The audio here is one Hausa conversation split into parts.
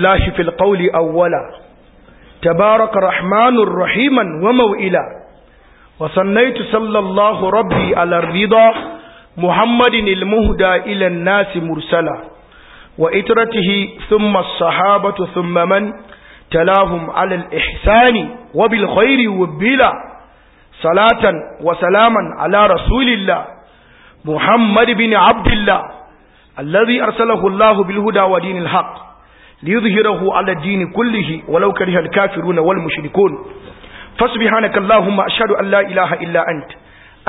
lashi fil qawli awwala tabaraka rahmanur rahiman wa maw'ila wa ala rida muhammadin il muhda mursala wa itratihi thumma sahabatu thumma man تلاهم على الإحسان وبالخير وبلا صلاة وسلاما على رسول الله محمد بن عبد الله الذي أرسله الله بالهدى ودين الحق ليظهره على الدين كله ولو كره الكافرون والمشركون فسبحانك اللهم أشهد أن لا إله إلا أنت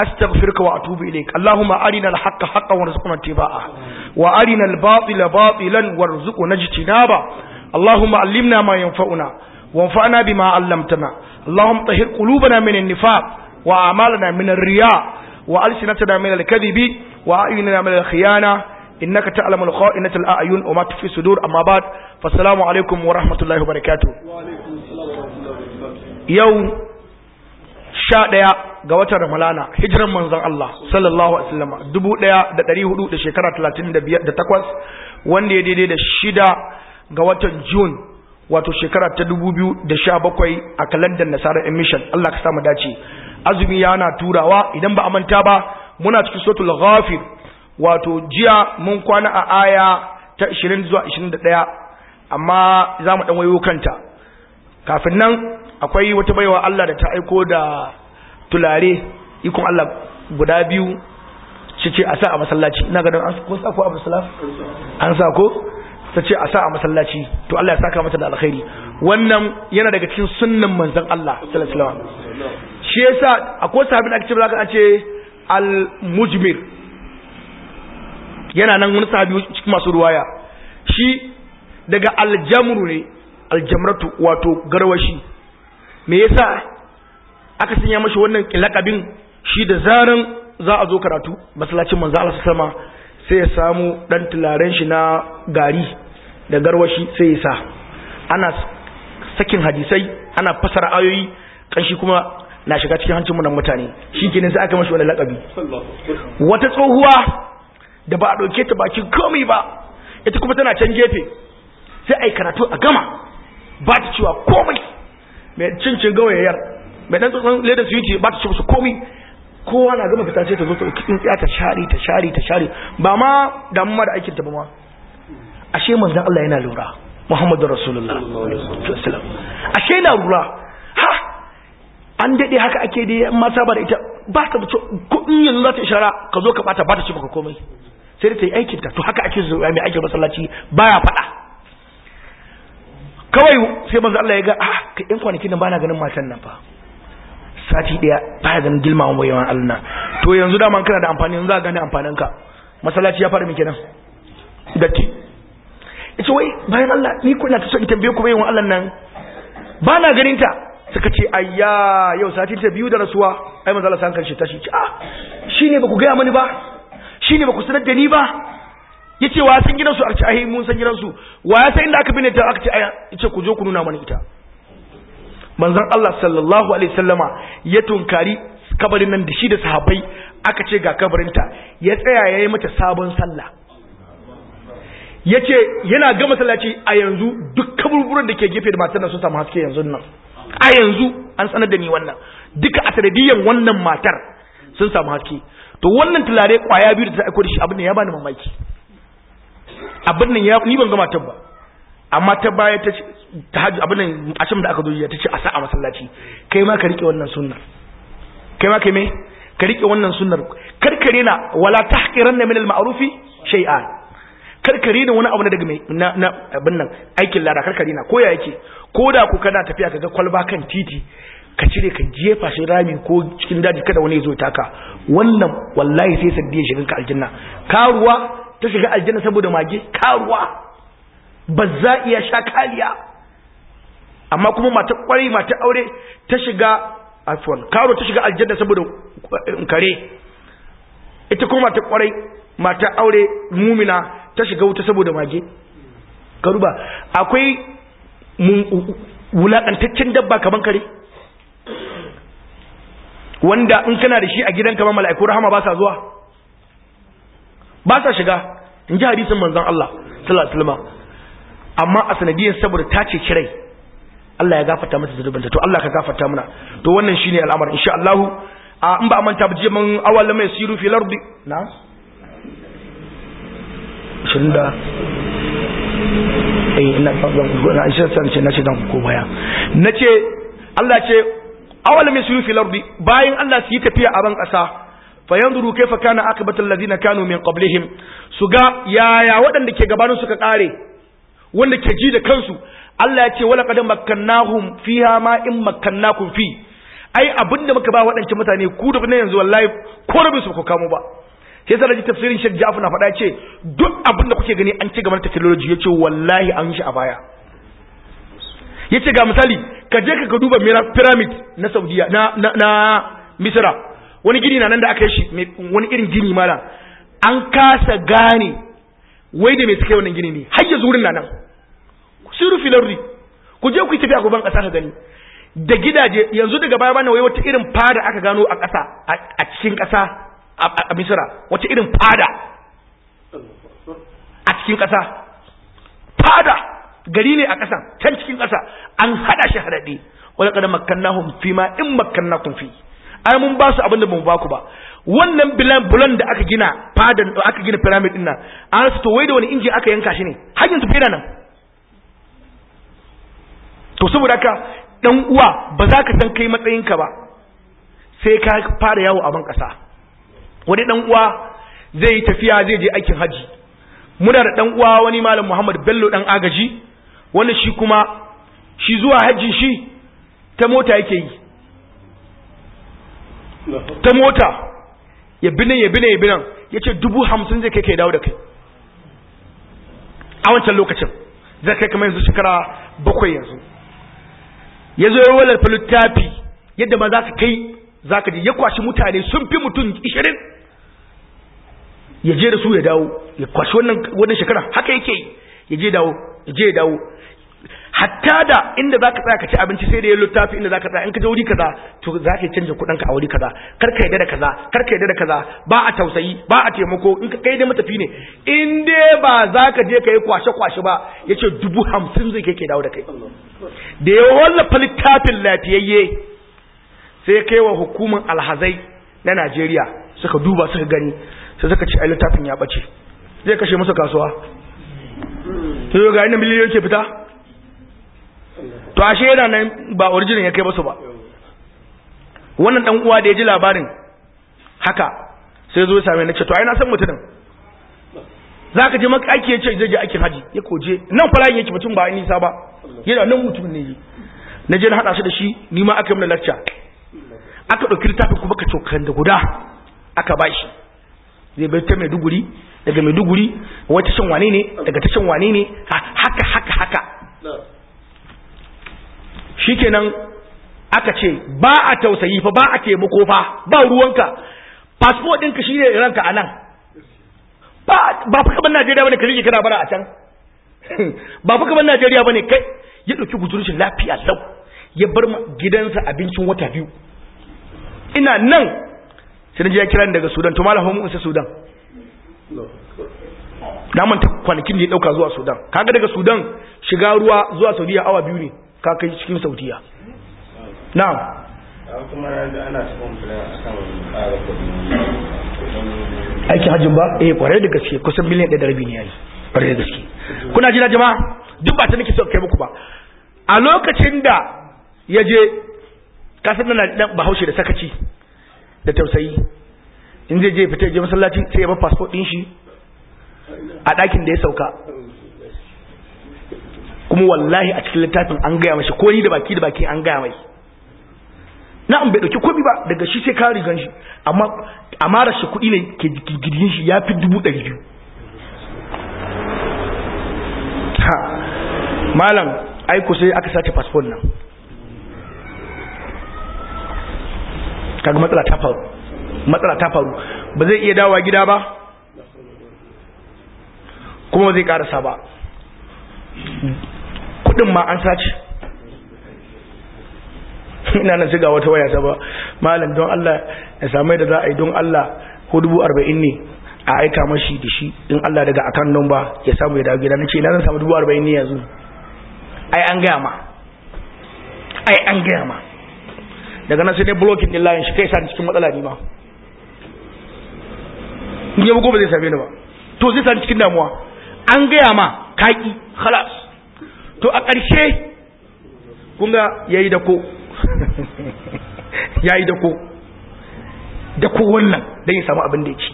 أستغفرك وأتوب إليك اللهم أرنا الحق حقا وارزقنا اتباعه وأرنا الباطل باطلا وارزقنا اجتنابه اللهم علمنا ما ينفعنا وانفعنا بما علمتنا اللهم طهر قلوبنا من النفاق وأعمالنا من الرياء وألسنتنا من الكذب وأعيننا من الخيانة innaka ta'lamul kha'inatal a'yun wa ma tufi sudur amma ba'd fassalamu alaikum wa rahmatullahi wa barakatuh yau 11 ga watan ramalana hijiran manzon Allah sallallahu alaihi wasallam 1400 da shekara 35 da takwas wanda ya daidai da shida ga watan June wato shekara ta 2017 a kalandar Nasara Emission Allah ka samu dace azumi yana turawa idan ba a manta ba muna cikin suratul ghafir wato jiya mun kwana a aya ta 20 zuwa 21 amma za mu ɗan wayo kanta kafin nan akwai wata baiwa Allah da ta aiko da tulare ikon Allah guda biyu shi ce a sa a masallaci ina ganin an sa ko a masallaci an sa ko ta ce a sa a masallaci to Allah ya saka mata da alkhairi wannan yana daga cikin sunnan manzon Allah sallallahu alaihi wasallam shi yasa akwai sahabi da ake cewa ka ce al mujmir yana nan wani sahabi cikin masu ruwaya shi daga aljamru ne aljamratu wato garwashi me yasa aka sanya mashi wannan lakabin shi da zaran za a zo karatu masallacin manzo Allah sama sai ya samu dan tularen shi na gari da garwashi sai ya sa ana sakin hadisai ana fasara ayoyi kanshi kuma na shiga cikin hancin munan mutane shikenan sai aka mashi wannan lakabi wata tsohuwa da ba a ɗauke ta bakin komi ba ita kuma tana can gefe sai a yi karatu a gama ba ta cewa komai mai cincin gawayayyar mai ɗan tsotson ledar su yi ba ta cewa su komi kowa na gama fita sai ta zo ta ɗauki tsintsiya ta share ta share ta share ba ma damuwa da aikin ta ba ma ashe manzan Allah yana lura Muhammadu Rasulullah ashe na lura an daɗe haka ake dai an mata ba da ita ba ta bace kuɗin yanzu za ta ishara ka zo ka bata ba ta ci maka komai sai da ta yi aikinta to haka ake zuwa mai aikin masallaci ba ya faɗa kawai sai manzo Allah ya ga ah ka ɗan kwanaki nan bana ganin matan nan fa sati ɗaya baya ganin gilmawan wayewan Allah na to yanzu da man kana da amfani yanzu za ka gane amfanin ka masallaci ya fara miki nan datti ita wai bayan Allah ni kuna ta so in tambaye ku bayan Allah nan bana ganin ta suka ce ayya yau sati ta biyu da rasuwa ai manzo Allah san shi tashi ce ah shine baku ga mani ba shine baku sanar da ni ba yace wa san gidansu arci ai mun san gidansu wa ya san inda aka binne ta aka ce ai yace ku je ku nuna mani ita manzon Allah sallallahu alaihi wasallama ya tunkari kabarin nan da shi da sahabbai aka ce ga kabarinta ya tsaya yayi mata sabon sallah yace yana ga masallaci a yanzu duk kaburburan da ke gefe da matan nan sun samu haske yanzu nan a yanzu an sanar da ni wannan duka a sanadiyyar wannan matar sun samu haske to wannan tulare kwaya biyu da ta aiko da shi abin nan ya bani mamaki abin nan ya ni ban ga matar ba amma ta baya ta ce tahajjud abin nan a da aka zo ta ce a sa a masallaci kai ma ka rike wannan sunna kai ma kai me ka rike wannan sunnar karkare na wala tahqiranna min al-ma'rufi shay'an karkare da wani abu daga mai na na abin nan aikin lada karkare na koya yake ko da ku kana tafiya kaga kwalba kan titi ka cire ka jefa shi rami ko cikin daji kada wani ya zo taka wannan wallahi sai sai ya shiga aljanna karuwa ta shiga aljanna saboda mage karuwa bazza iya sha kaliya amma kuma mata kwari mata aure ta shiga afwan karo ta shiga aljanna saboda kare ita kuma mata kwari mata aure mumina ta shiga wuta saboda mage ka akwai wulaƙantaccen dabba kaman kare wanda in kana da shi a ka ma mala'iku rahama ba sa zuwa ba sa shiga in ji hadisin manzon Allah sallallahu alaihi amma a sanadiyar saboda ta ce kirai Allah ya gafarta mata zunubinta to Allah ka gafarta mana to wannan shine al'amar insha Allah in ba manta ba je mun awal mai fil ardi na'am ashirin da eh ina ce ko baya Allah ce fil ardi bayan Allah su yi tafiya a ran kasa fa yanzuru kaifa kana akibatul alladhina kanu min qablihim su ga yaya waɗanda ke gabanin suka kare wanda ke ji da kansu Allah ya ce wala qad makkannahum fiha ma in makkannakum fi ai abinda muka ba waɗancan mutane ku da yanzu wallahi ko rabin su ku kamo ba sai sai ji tafsirin shek Ja'far na faɗa ce duk abin da kuke gani an ci gaba da technology ce wallahi an shi a baya Ya ce ga misali ka je ka duba pyramid na Saudiya na na, na wani gini na nan da aka yi shi wani irin gini mala an kasa gane wai da me suka yi wannan gini ne har yanzu wurin nan rufi filardi ku je ku tafi a gaban ƙasa ka gani da gidaje yanzu daga baya bana wai wata irin fada aka gano a ƙasa a cikin ƙasa a misira wace irin fada a cikin ƙasa fada gari ne a ƙasa can cikin kasa an haɗa shi haɗaɗe wani ƙada makanna fi ma in kun fi ai mun ba su abinda mun ba ku ba wannan bilon bulan da aka gina fadan da aka gina pyramid din nan an su to wai da wani inji aka yanka shi ne har su fera nan to saboda ka dan uwa ba za ka san kai matsayinka ba sai ka fara yawo a ban ƙasa wani ɗan uwa zai yi tafiya zai je aikin haji muna da ɗan uwa wani malam Muhammad Bello dan agaji wanda shi kuma shi zuwa hajji shi ta mota yake yi ta mota ya binan ya binan ya binan ce dubu hamsin zai kai kai dawo da kai a wancan lokacin zai kai kamar yanzu shekara bakwai yanzu ya zo ya wallafa littafi yadda ma za ka kai za ka je ya kwashi mutane sun fi mutum ishirin ya je da su ya dawo ya kwashi wannan shekara haka yake yi ya je dawo ya je dawo hatta da inda zaka tsaya ka ci abinci sai da ya littafi inda zaka tsaya in ka je wuri kaza to zaka canja kudin a wuri kaza kar ka yadda da kaza kar ka yadda da kaza ba a tausayi ba a taimako in ka kai da matafi ne in dai ba zaka je ka yi kwashe kwashe ba yace dubu hamsin zai kai ke dawo da kai da ya wallafa littafin lafiyayye sai kai wa hukumar alhazai na Najeriya suka duba suka gani sai suka ce a littafin ya bace zai kashe masa kasuwa to ga inda miliyoyi ke fita to ashe yana nan ba original ya kai musu ba wannan dan uwa da ya ji labarin haka sai zo ya same ni ce to ai na san mutumin za ka je maka aiki ya ce zai je aikin haji ya koje nan farayin yake mutum ba nisa ba yana nan mutum ne na je na haɗa shi da shi ni ma aka yi mana lacca aka ɗauki littafin kuma ka cokan da guda aka bashi. zai bai ta maiduguri daga maiduguri wata shan wane ne daga ta shan wane ne haka haka haka shikenan aka ce ba a tausayi fa ba a taimako fa ba ruwanka passport ɗinka shi ne ranka a nan ba fi kamar najeriya bane ka rike bara a can ba fi kamar najeriya bane kai ya ɗauki guzurishin lafiya lau ya bar gidansa abincin wata biyu ina nan sai je ya kira ni daga sudan to malam mun sudan na manta kwanakin da ya dauka zuwa sudan kaga daga sudan shiga ruwa zuwa saudiya awa biyu ne ka kai cikin saudiya na'am aiki hajjin ba eh kware da gaske kusan miliyan ɗaya da rabi ne yayi kwarai da gaske kuna na jama'a duk ba ta nake so kai muku ba a lokacin da ya je kasar nan bahaushe da sakaci da tausayi in zai je fita je masallaci sai ya ba passport din shi a ɗakin da ya sauka kuma wallahi a cikin littafin an gaya mashi ko ni da baki da baki an gaya mai na'am bai dauki kobi ba daga shi sai kari rigan shi amma amara shi kuɗi ne ke gidigin shi ya fi dubu ɗari biyu ha malam aiko sai aka sace fasfon nan kaga matsala ta faru matsala ta faru ba zai iya dawa gida ba kuma zai karasa ba kudin ma an sace ina nan shiga wata waya saba malam don Allah ya samu da za a yi don Allah ko dubu arba'in ne a aika mashi da shi in Allah daga akan nan ba ya samu ya dawo gida na ce ina zan samu dubu arba'in ne yanzu ai an gaya ma ai an gaya ma daga nan sai ne blocking din layin shi kai sa cikin matsala ne ma in ya bugo ba zai same ni ba to zai sa cikin damuwa an gaya ma kaki khalas to a ƙarshe Kunga ya yayi da ko yayi da ko da ko wannan dan ya samu abin da ya ci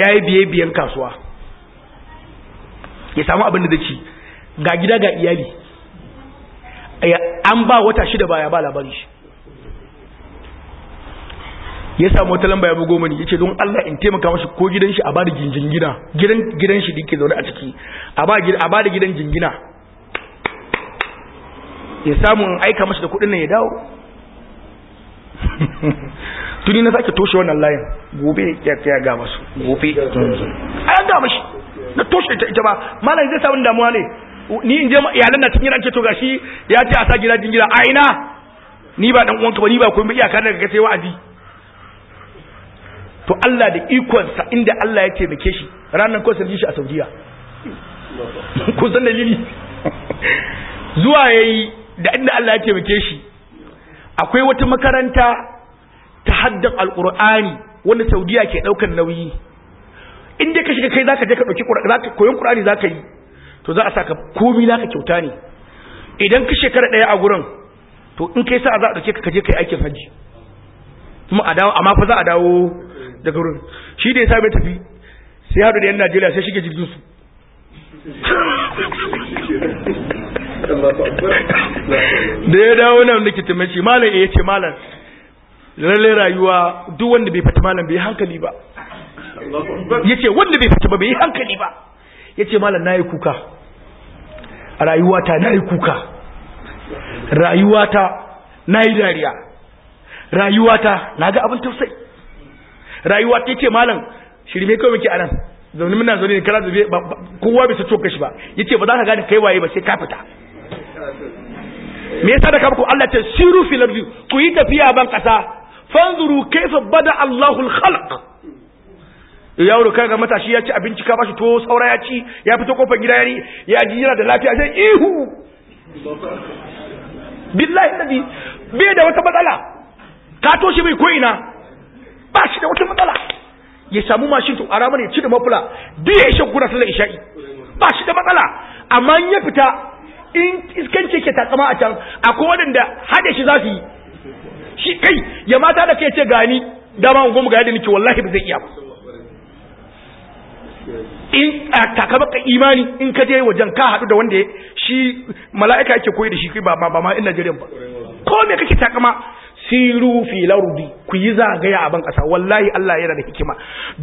yayi biye biyan kasuwa ya samu abin da ci ga gida ga iyali an ba wata shida baya ba labari shi ya samu wata lamba ya bugo mani ya ce don Allah in taimaka masa ko gidan shi a bada gingin gida gidan gidan shi dake zaune a ciki a ba gidan a bada gidan gingina. ya samu in aika masa da kudin nan ya dawo tuni na sake toshe wannan layin gobe ya ta ga masu gobe an ga mashi na toshe ita ita ba malai zai samu damuwa ne ni in je iyalan na cikin ake to gashi ya ce a sa gida jingina a ina ni ba dan uwanka ba ni ba komai iyaka daga kai sai wa'adi. to Allah da ikonsa inda Allah ya taimake shi ranar ko sarki shi a Saudiya kun san dalili zuwa yayi da inda Allah ya taimake shi akwai wata makaranta ta haddan alqur'ani wanda Saudiya ke daukar nauyi inda ka shiga kai zaka je ka dauki zaka koyon qur'ani zaka yi to za a saka komi zaka kyauta ne idan ka shekara daya a gurin to in kai sa za a dauke ka kaje kai aikin haji kuma a dawo amma fa za a dawo daga wurin shi da ya same tafi sai haɗu da yan najeriya sai shige jirgin su da ya dawo nan da kitimin mace malam eh ya ce malam lallai rayuwa duk wanda bai fata malam bai hankali ba ya ce wanda bai fata ba bai hankali ba ya ce malam na yi kuka a rayuwata na yi kuka rayuwata na yi dariya rayuwata na ga abin tausayi rayuwa ta ce malam shirme kawai muke anan zaune muna zaune ne kana zube kowa bai sato kashi ba yace ba za ka gane kai waye ba sai ka fita me yasa da kamku Allah ta siru fil ardi ku yi tafiya ban kasa fanzuru kaifa bada Allahu al-khalq kai kaga matashi ya ci abinci ka bashi to saura ya ci ya fito kofar gida yari ya ji yana da lafiya sai ihu billahi nabi bai da wata matsala ka toshi bai ko ina ba shi da wata matsala ya samu mashin to ara mana ya ci da mafula duk ya ishe kuna sallar isha'i ba shi da matsala amma in ya fita in iskance ke takama a can akwai da haɗe shi za su yi shi kai ya mata da kai ce gani dama in goma ga yadda nake wallahi ba zai iya ba in a takamaka imani in ka je wajen ka haɗu da wanda shi mala'ika yake koyi da shi ba ba ma in Najeriya ba ko me kake takama siru fi lardi ku yi zagaya a ban kasa wallahi Allah yana da hikima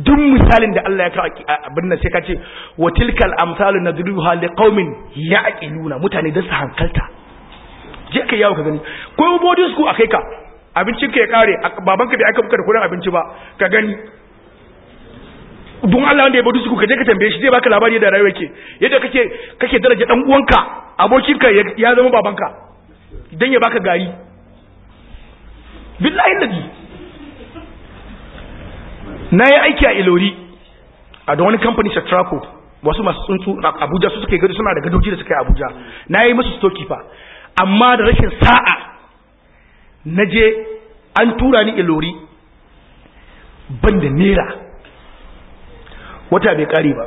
duk misalin da Allah ya kawo abin nan sai ka ce wa tilkal amsalu nadruha liqaumin yaqiluna mutane da su hankalta je ka yawo ka gani ko boarding school akai ka abincin ka ya kare baban ka bai aka buka da kudin abinci ba ka gani don Allah wanda ya boarding school ka je ka tambaye shi zai baka labari da rayuwar ke yadda kake kake daraja dan uwanka abokin ka ya zama babanka dan ya baka gari billahi nabi na yi aiki a ilori a da wani kamfani satraco wasu masu tsuntsu abuja su suke gado suna da gadoji da suka yi abuja na yi musu stoki fa amma da rashin sa'a na je an tura ni ilori ban da nera wata bai kare ba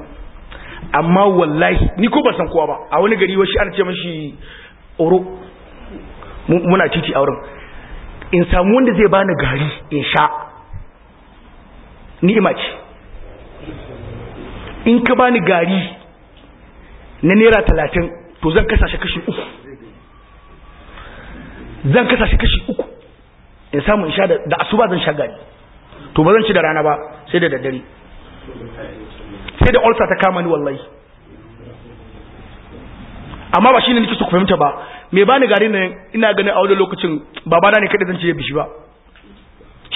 amma wallahi ni ko ban san kowa ba a wani gari wasu ana ce mashi oro muna titi a wurin in samu wanda zai bani gari in sha ni'ima ce in ka bani gari na naira talatin to zan kasashe kashi uku zan kasashe kashi uku in samu in sha da asuba zan sha gari to ba zan ci da rana ba sai da daddare sai da ulcer ta kama ni wallahi amma ba shine nake so ku fahimta ba mai bani gari nan ina ganin a wani lokacin babana ne kada zan ci ya bishi ba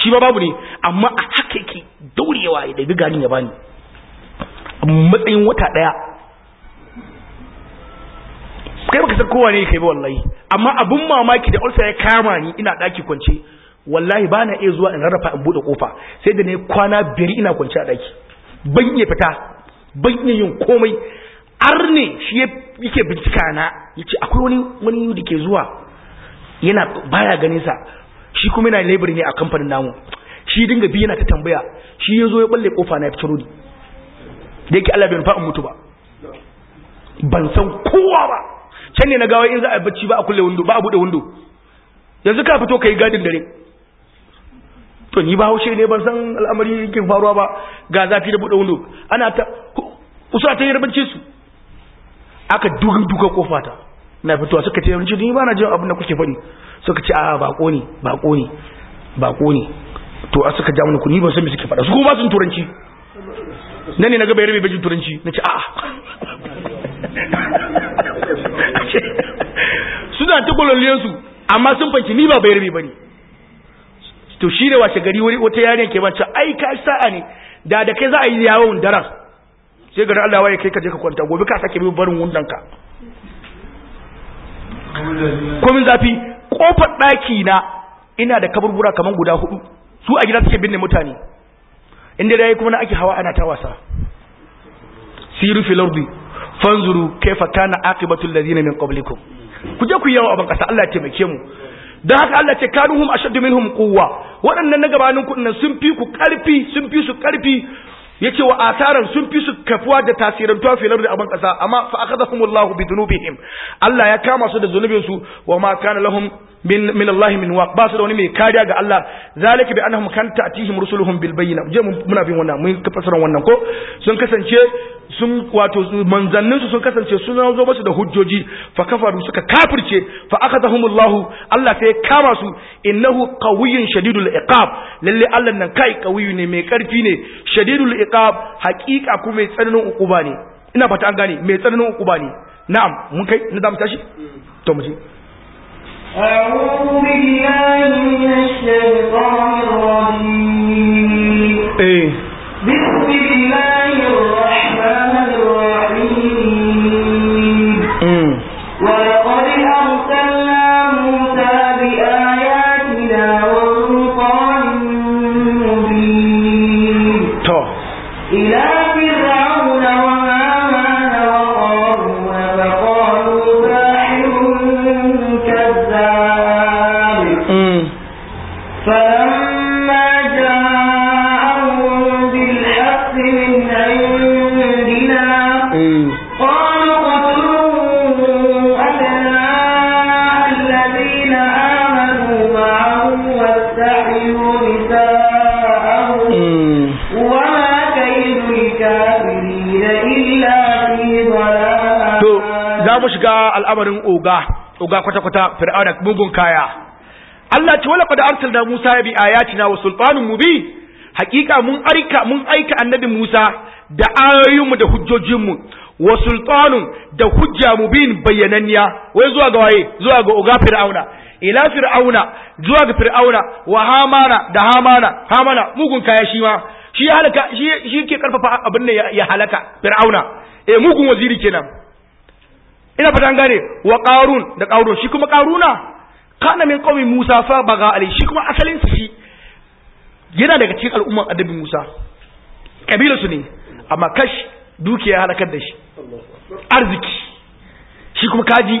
shi ba babu ne amma a haka yake daurewa ya dabi garin ya bani matsayin wata daya kai baka san kowa ne kai ba wallahi amma abun mamaki da ulsa ya kama ni ina daki kwance wallahi ba na iya zuwa in rarrafa in buɗe kofa sai da ne kwana biyar ina kwance a daki ban iya fita ban iya yin komai arne shi yake bincika na yace akwai wani wani da ke zuwa yana baya ganin sa shi kuma yana labor ne a kamfanin namu shi dinga bi yana ta tambaya shi yazo ya balle kofa na fitaro ni da yake Allah bai nufa in mutu ba ban san kowa ba can ne na gawa in za a bacci ba a kulle window ba a bude window yanzu ka fito kai gadin dare to ni ba haushe ne ban san al'amari yake faruwa ba ga zafi da bude window ana ta usura ta yi rabanci su aka duka kofa ta na fitowa suka ce yanzu ni ba na jin abin da kuke faɗi suka ce a bako ne bako ne bako ne to a suka ja mana ni ban san me suke faɗa su kuma ba su turanci nan ne na ga bayarbe bajin turanci na ce a suna ta su amma sun fanki ni ba bayarbe ba ne to shi da wace gari wuri wata yaren ke ba ce ai ka sa'a ne da da kai za a yi yawon daras sai gari Allah waye kai ka je ka kwanta gobe ka sake bin barin wundan ka komin zafi kofar daki na ina da kaburbura kaman guda hudu su a gida suke binne mutane inda dai kuma na ake hawa ana ta wasa siru fil ardi fanzuru kaifa kana aqibatu alladhina min qablikum ku je ku yawo a bankasa Allah ya taimake mu dan haka Allah ce kanuhum ashaddu minhum quwwa waɗannan na gabanin ku sun fi ku karfi sun fi su ƙarfi ce wa ataran sun fi su kafuwa da tasirin tuwa da aban kasa amma fa akhadhahumullahu bi dhunubihim Allah ya kama su da zunubin su wa ma kana lahum min min Allah min waq ba su da wani mai kariya ga Allah zalika bi annahum kan ta'tihim rusuluhum bil bayyina je muna bin wannan mun kafasaran wannan ko sun kasance sun wato manzannin su sun kasance sun zo musu da hujjoji fa kafaru suka kafirce fa akhadahumullahu Allah sai kama su innahu qawiyyun shadidul iqab lalle Allah nan kai qawiyyu ne mai karfi ne shadidul iqab haqiqa kuma mai tsananin ukuba ne ina fata an gane mai tsananin ukuba ne na'am mun kai na zamu tashi to mu je أعوذ بالله من الشيطان الرجيم إيه eh. بسم shiga al'amarin oga oga kwata-kwata fir'auna mugun kaya Allah ce wala qad arsalna Musa bi na wa mu bi? hakika mun aika mun aika annabi Musa da ayoyinmu da hujjojinmu wa sultanun da hujja mubin bayyananniya wai zuwa ga waye zuwa ga oga fir'auna ila fir'auna zuwa ga fir'auna wa hamana da hamana hamana mugun kaya shi ma shi halaka shi ke karfafa abin da ya halaka fir'auna eh mugun waziri kenan ina fata an gane wa qarun da qarun shi kuma qaruna kana min qaumi musa fa baga ali shi kuma asalin su shi yana daga cikin al'umman adabin musa Kabilarsu su ne amma kash dukiya halakar da shi arziki shi kuma kaji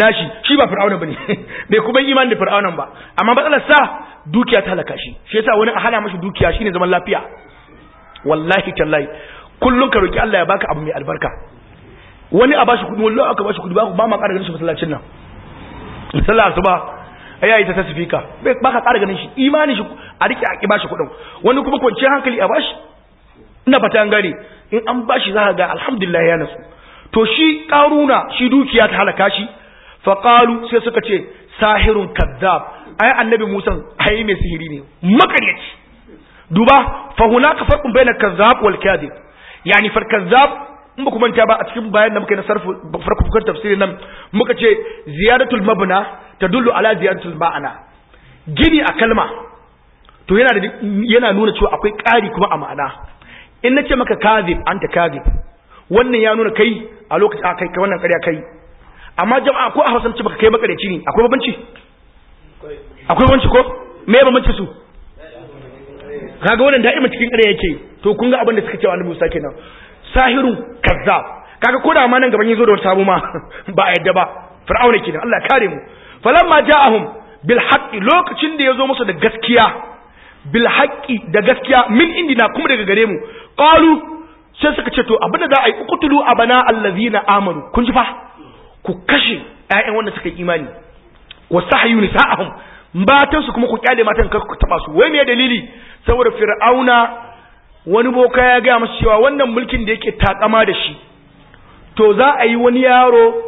nashi shi ba fir'auna bane bai kuma imani da fir'aunan ba amma matsalar sa dukiya ta halaka shi shi yasa wani a hana mashi dukiya shine zaman lafiya wallahi tallahi kullun ka roki Allah ya baka abu mai albarka wani a bashi kudi wani aka bashi kudi ba ma ƙara ganin shi masallacin nan sallar asuba ya yi ta tasifika ba ka ƙara ganin shi imani shi a rike a bashi kuɗin wani kuma kwanciyar hankali a bashi ina fata an gane in an bashi za ka ga alhamdulillah ya nasu to shi ƙaruna shi dukiya ta halaka shi faƙalu sai suka ce sahirun kazzab ai annabi musa ai mai sihiri ne makaryaci duba fa hunaka farqun bainal kazzab wal kadhib yani fal kazzab in ba ku manta ba a cikin bayan da muka yi na farko tafsiri nan muka ce ziyaratul mabna tadullu ala ziyaratul ma'ana gini a kalma to yana yana nuna cewa akwai ƙari kuma a ma'ana in nace maka kazib anta kazib wannan ya nuna kai a lokacin a kai wannan ƙarya kai amma jama'a ko a hausance baka kai makareci ne akwai babanci akwai babanci ko me babanci su kaga wannan da'ima cikin ƙarya yake to kun ga abin da suka ce wa annabi Musa kenan sahirun kazzab kaga ko da ma nan gaban yazo da wata ma ba a yadda ba fir'auna kenan Allah kare mu falamma ja'ahum bil haqqi lokacin da yazo musu da gaskiya bil haqqi da gaskiya min indina kuma daga gare mu qalu sai suka ce to abinda za a yi kutulu abana allazina amanu kun ji fa ku kashe ƴaƴan wanda suka yi imani Wasu nisa'ahum matan su kuma ku kyale matan kar ku taba su wai me dalili saboda fir'auna wani boka ya gaya masa cewa wannan mulkin da yake takama da shi to za a yi wani yaro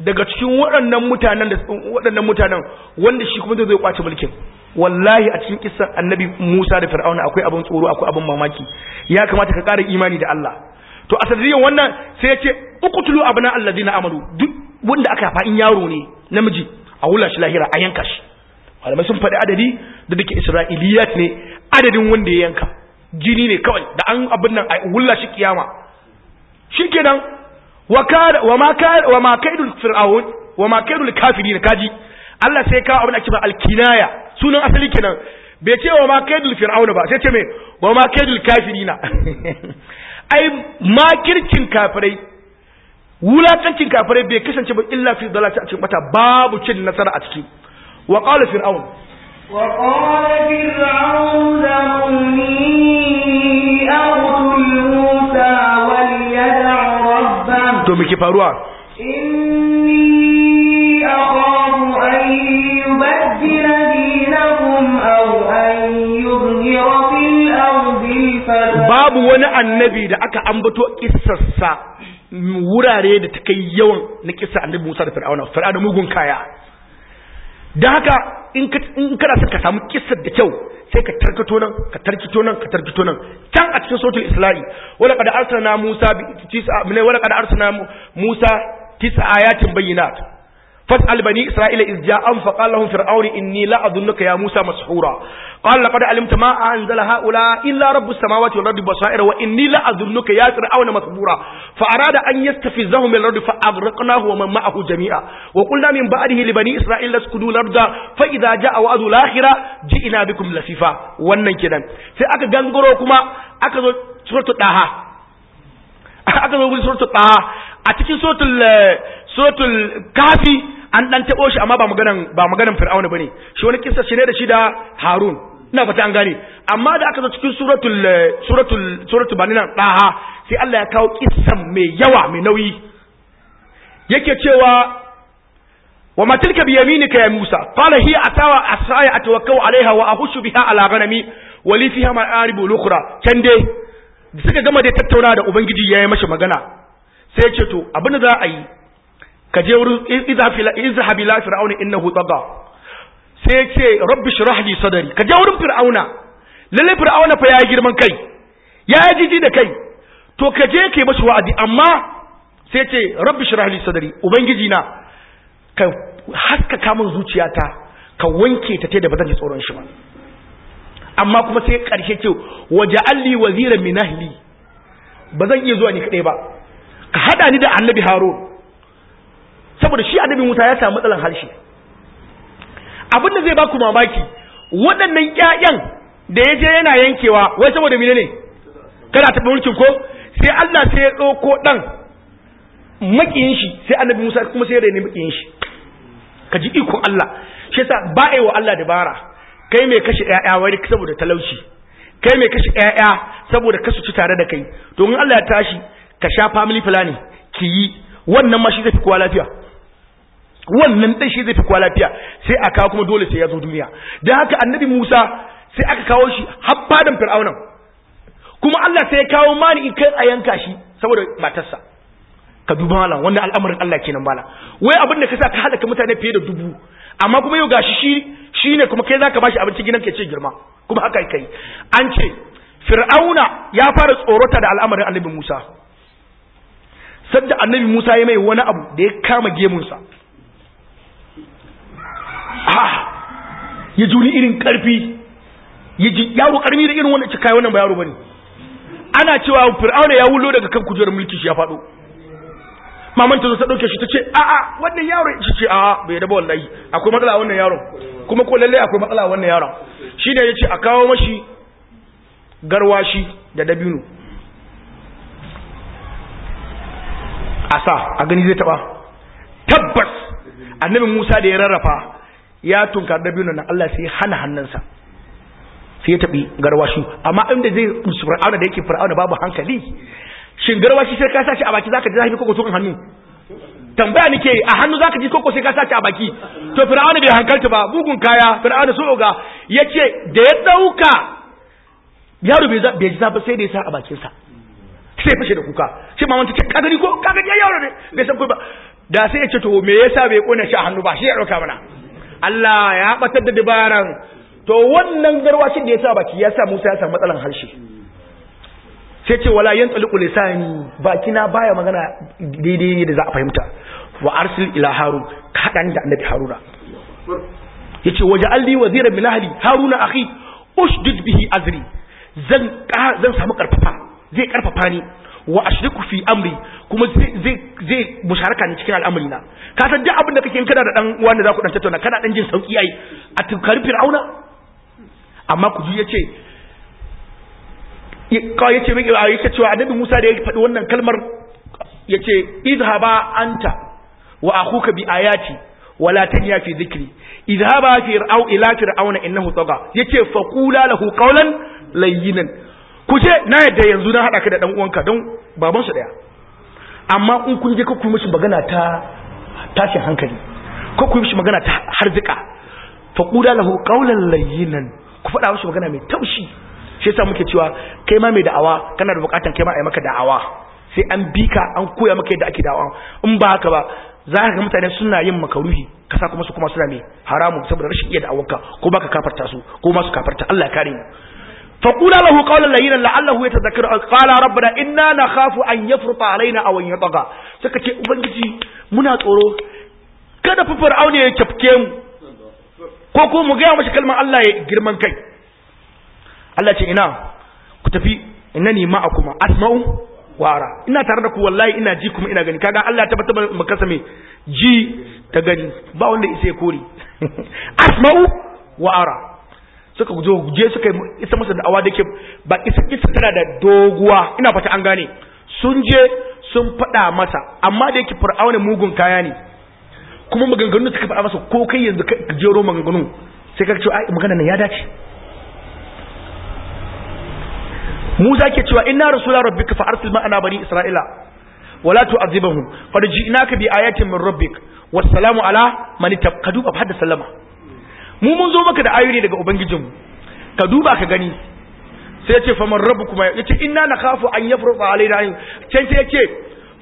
daga cikin waɗannan mutanen da waɗannan mutanen wanda shi kuma zai kwace mulkin wallahi a cikin kissan annabi Musa da Fir'auna akwai abin tsoro akwai abin mamaki ya kamata ka ƙara imani da Allah to a sanadiyyar wannan sai ya ce uqtulu abna na amalu duk wanda aka fa in yaro ne namiji a wula shi lahira a yanka shi malamai sun faɗi adadi da duke Isra'iliyat ne adadin wanda ya yanka jini ne kawai da an abin nan a wulla shi kiyama shi nan wa ma kaidul fir'aun wa ma kaidul kafirin kaji Allah sai kawo abin da ake ba alkinaya sunan asali nan bai ce wa ma kaidul fir'aun ba sai ce me wa ma kaidul na ai makircin kafirai wulatancin kafirai bai kasance ba illa fi dalata a cikin bata babu cin nasara a ciki wa qala fir'aun to me ke faruwa inni akhafu an yubaddila dinakum aw an yuzhira fil ardi babu wani annabi da aka ambato kissarsa wurare da ta kai yawan na kisa annabi Musa da Fir'auna Fir'auna mugun kaya da haka in kana son ka samu kissar da kyau sai ka tarkato nan ka tarkito nan ka tarkito nan can a cikin sautul isla'i wala kada arsalna musa bi tisa wala kada arsalna musa tisa ayatin bayyinat fas albani isra'ila iz ja'am fa qala lahum fir'aun inni la adunnuka ya musa mashhura qala laqad alimta ma anzala haula illa rabbus samawati wal ardi basaira wa inni la adunnuka ya fir'aun mashhura fa arada an yastafizahum min ardi fa aghraqnahu wa man ma'ahu jami'a wa qulna min ba'dihi li bani isra'ila askudu al arda fa idha ja'a wa'du al ji ina bikum lasifa wannan kidan sai aka gangaro kuma aka zo suratul daha a cikin suratul eh, suratul kafi an dan tabo shi amma ba maganan ba maganan fir'auna bane shi wani kissa shi ne da shi da harun ina fata an gane amma da aka zo cikin suratul eh, suratul suratul banina daha sai Allah ya kawo kissan mai yawa mai nauyi yake cewa wa ma tilka bi yaminika ya Musa qala hiya atawa asaya atawakkau alaiha wa ahushu biha ala ghanami wa li fiha ma'arib ukhra can dai suka gama da tattauna da ubangiji yayi mashi magana sai ya ce to abin da za a yi ka je wurin izhab ila fir'auna innahu tagha sai rabbi shrah li sadri ka je wurin fir'auna lalle fir'auna fa ya girman kai ya jiji da kai to ka je kai mashi wa'azi amma sai ce rabbi shrah li sadri ubangiji na ka haskaka min zuciyata ka wanke ta da bazan ji tsoron shi ba amma kuma sai karshe ce waja'alli waziran min ahli bazan iya zuwa ni kadai ba ka hada ni da annabi harun saboda shi annabi Musa ya samu matsalan harshe abin da zai ba ku mamaki waɗannan ƴaƴan da ya je yana yankewa wai saboda mine ne kana taɓa mulkin ko sai Allah sai ya ɗauko ɗan maƙiyin shi sai annabi Musa kuma sai ya raini maƙiyin shi ka ji ikon Allah shi yasa ba wa Allah dabara kai mai kashe ƴaƴa wani saboda talauci kai mai kashe ƴaƴa saboda kasu ci tare da kai to Allah ya tashi ka sha family planning ki yi wannan ma shi zai fi kowa lafiya wannan dan shi zai fi kwa lafiya sai a kawo kuma dole sai ya zo duniya don haka annabi musa sai aka kawo shi habbadan fir'aunan kuma allah sai ya kawo mani in kai a yanka shi saboda matarsa ka duba malam wannan al'amarin allah kenan bala. wai abin da ka sa ka halaka mutane fiye da dubu amma kuma yau gashi shi shine kuma kai zaka bashi abinci gidan ke ce girma kuma haka kai an ce fir'auna ya fara tsorata da al'amarin annabi musa sadda annabi musa ya mai wani abu da ya kama gemunsa ha ya ji wani irin karfi ya ji yaro karmi da irin wannan cika yi wannan ba bane ana cewa fir'auna ya wulo daga kan kujerar mulki shi ya fado maman ta zo ta dauke shi ta ce a a wannan yaro shi ce a bai da ba wallahi akwai matsala wannan yaron kuma ko lalle akwai matsala wannan yaron shine yace a kawo mashi garwashi da dabino asa a gani zai taba tabbas annabi Musa da ya rarrafa ya tunkar biyu nan Allah sai hana hannunsa sai ya tabi garwashi amma inda zai fir'auna da yake fir'auna babu hankali shin garwashi sai ka shi a baki zaka ji zafi koko tun hannu tambaya nake a hannu zaka ji koko sai ka shi a baki to fir'auna bai hankalta ba bugun kaya fir'auna so ga yace da ya dauka yaro bai ji zafi sai da ya sa a bakinsa sai fashe da kuka sai maman ta ce ka gani ko ka gani yaro ne bai san ko ba da sai ya ce to me yasa bai kona shi a hannu ba shi ya dauka mana Allah ya batar da dabaran to wannan garwashin da ya sa baki ya sa Musa ya samu matsalan harshe sai ce wala yantaliqu lisani na baya magana daidai da za a fahimta wa arsil ila harun kadan da annabi haruna yace waje wazira min ahli haruna akhi ushdid bihi azri zan zan samu karfafa zai karfafa ni wa ashriku fi amri kuma zai zai musharaka ni cikin al'amari na ka san duk abin da kake kana da dan wanda zaku za ku dan tattauna kana dan jin sauki ai a tukar fir'auna amma ku ji yace kawai yace mai yace cewa annabi Musa da ya faɗi wannan kalmar yace izhaba anta wa akhuka bi ayati wala tanya fi dhikri izhaba fir'au ila fir'auna innahu tagha yace faqula lahu qawlan layyinan ku ce na yadda yanzu na haɗa ka da ɗan uwanka don baban su ɗaya amma in kun je ka ku mishi magana ta tashin hankali ko ku mishi magana ta harzika fa qula lahu qawlan layyinan ku faɗa mishi magana mai taushi shi yasa muke cewa kai ma mai da'awa kana da bukatan kai ma ai maka da'awa sai an bi ka an koya maka yadda ake da'awa in ba haka ba za ka ga mutane suna yin makaruhi kasa kuma su kuma suna mai haramu saboda rashin iya da'awarka ko baka kafarta su ko ma su kafarta Allah ya kare mu فقولا له قولا لينا لعله يتذكر قال ربنا إنا نخاف أن يفرط علينا أو أن يطغى سكتي أبنجي منا tsoro kada fa fir'auna ya cafke mu ko ko mu gaya mashi kalmar Allah ya girman kai Allah ce ina ku tafi innani ma'akum asma'u wara ina tare da ku wallahi ina ji kuma ina gani Allah ji ta gani ba wanda isa ya kori. asma'u wara suka zo je suka isa masa da'awa da ke ba isa isa tana da doguwa ina fata an gane sun je sun faɗa masa amma da yake fir'auna mugun kaya ne kuma maganganu suka faɗa masa ko kai yanzu ka jero maganganu sai ka ce ai magana nan ya dace Musa ke cewa inna rasula rabbika fa arsil ma'ana bani isra'ila wala tu'azibahum qad ji'naka bi ayatin min rabbik wassalamu ala man ittaqadu fa hadda sallama mu mun zo maka da ayoyi daga ubangijinmu ka duba ka gani sai yace faman rabbukuma yace inna nakhafu an yafruqa alaina can sai yace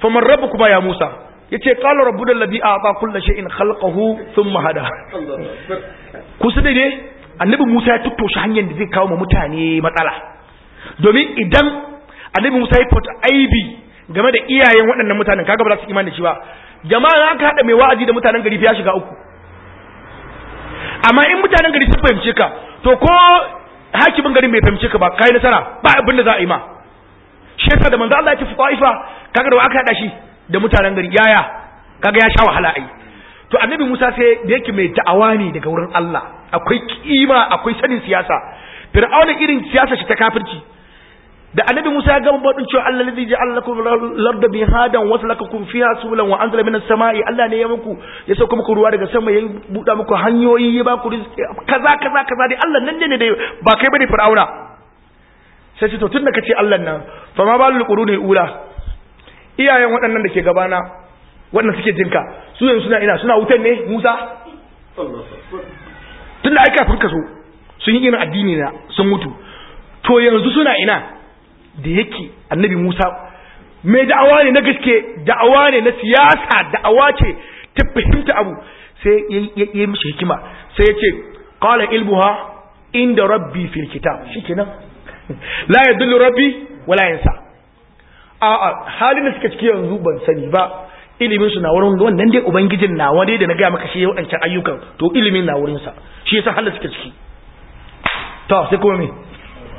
man rabbukum ya Musa yace qala rabbuna alladhi a'ta kull shay'in khalqahu thumma hada kusa dai annabi Musa ya tuttoshi hanyar da zai kawo ma mutane matsala domin idan annabi Musa ya fata aibi game da iyayen waɗannan mutanen kaga ba za su imani da shi ba jama'a ka hada mai wa'azi da mutanen gari ya shiga uku amma in mutanen gari sun fahimce ka to ko hakimin garin bai fahimce ka ba kai nasara ba abin da za a yi ma shi yasa da manzo Allah ya tafi Taifa kaga da aka hada shi da mutanen gari yaya kaga ya sha wahala ai to annabi Musa sai da yake mai da'awa ne daga wurin Allah akwai kima akwai sanin siyasa fir'auna irin siyasa shi ta kafirci da annabi Musa ya gama baɗin cewa Allah ladhi ja'ala lakum larda bihadan wa salakakum fiha subulan wa anzala minas sama'i Allah ne ya muku ya sauka muku ruwa daga sama ya buɗa muku hanyoyi ya ba ku rizqi kaza kaza kaza dai Allah nan ne dai ba kai bane Fir'auna sai ce to tun da kace Allah nan fa ma balul quruni ula iyayen waɗannan da ke gabana wannan suke jinka su yanzu suna ina suna wutan ne Musa tunda da kafin ka sun yi irin addini na sun mutu to yanzu suna ina da yake annabi Musa mai da'awa ne na gaske da'awa ne na siyasa da'awa ce ta fahimta abu sai ya yi mishi hikima sai ya ce qala ilbuha inda rabbi fil kitab shikenan la yadullu rabbi wala yansa a halin da suke ciki yanzu ban sani ba ilimin su na wurin wannan dai ubangijin na wani da na ga maka shi ya wadancan ayyukan to ilimin na wurin sa shi yasa halin suke ciki to sai kuma me